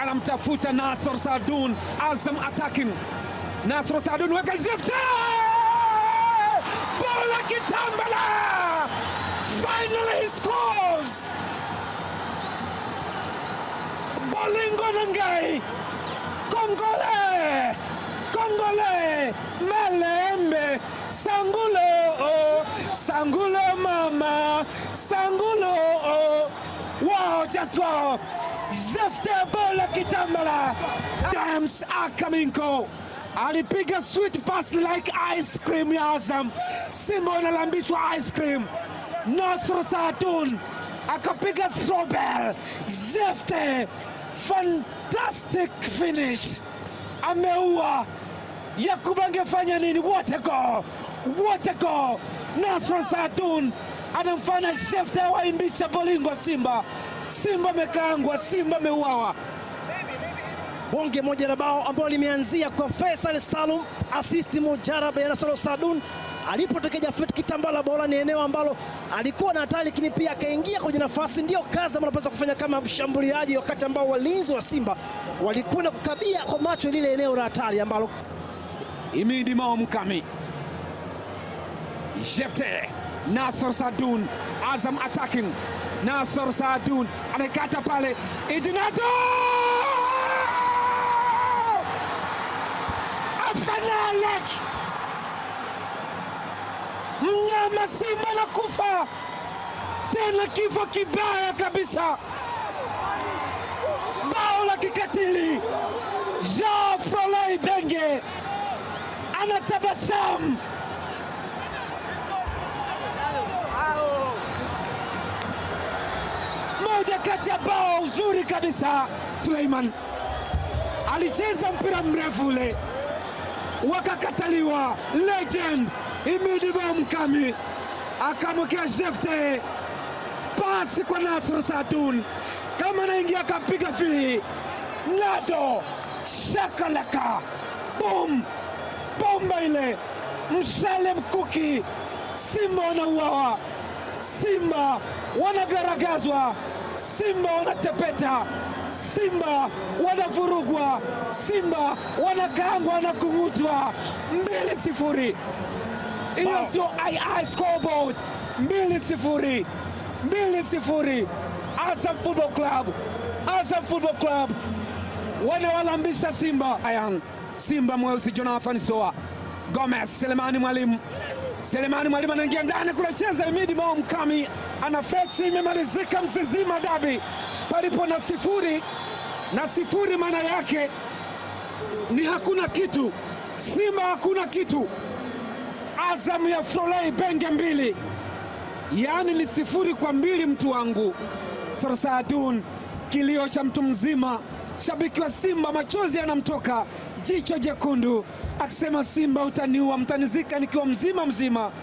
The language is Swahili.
anamtafuta Nasor Sadun. Azam attacking. nasr Sadun weka zifta, bola kitambala, finally he scores. Bolingo Nangai, Kongole, Kongole, Malembe, Sangulo, oh! Sangulo mama, Sangulo, oh. Wow, just wow. Zeftebola Kitambala, Adams Akaminko alipiga sweet pass like ice cream ya Azam. Simba analambishwa ice cream. nasro satun akapiga sobel Zefte, fantastic finish, ameua. Yakubu angefanya nini? What a goal! What a goal! Nasr Saatun anamfanya Zefte awaimbisha bolingo Simba. Simba amekaangwa, Simba ameuawa. Bonge moja la bao ambalo limeanzia kwa Faisal Salum, asisti Mujarab ya Nasoro Sadun alipotokea Jafet Kitambala. Bora ni eneo ambalo alikuwa na hatari, lakini pia akaingia kwenye nafasi, ndio kazi ambayo anapaswa kufanya kama mshambuliaji, wakati ambao walinzi wa Simba walikwenda kukabia kwa macho lile eneo la hatari ambalo Imidi Mao Mkami Jefte Nasor Saadun, Azam attacking. Nasor Saadun anakata pale, Idinato afanalek mnyama Simba na kufa tena, kifo kibaya kabisa, bao la kikatili. Jean Froloi Benge anatabasamu. wakati bao uzuri kabisa Suleiman alicheza mpira mrefu ule wakakataliwa. Legend Imidibo Mkami akamwekea Jefte pasi kwa Nasr Sadun, kama naingia akampiga fii nado shakalaka bom bomba ile mshale mkuki Simba wanauawa. Simba wanagaragazwa, Simba wanatepeta, Simba wanavurugwa, Simba wanakaangwa na kung'utwa mbili sifuri. Hiyo sio ii scoreboard, mbili sifuri, mbili sifuri. Azam Football Club, Azam Football Club wanawalambisha Simba. Ayan Simba mweusi Jonathan Soa, Gomez Selemani Mwalimu Selemani Mwalimu anaingia ndani kule, cheza Imidi Mao Mkami ana fechi, imemalizika Mzizima dabi palipo na sifuri na sifuri, maana yake ni hakuna kitu. Simba hakuna kitu, Azam ya Florei benge mbili, yaani ni sifuri kwa mbili. Mtu wangu Torsadun, kilio cha mtu mzima. Shabiki wa Simba machozi yanamtoka jicho jekundu, akisema Simba utaniua, mtanizika nikiwa mzima mzima.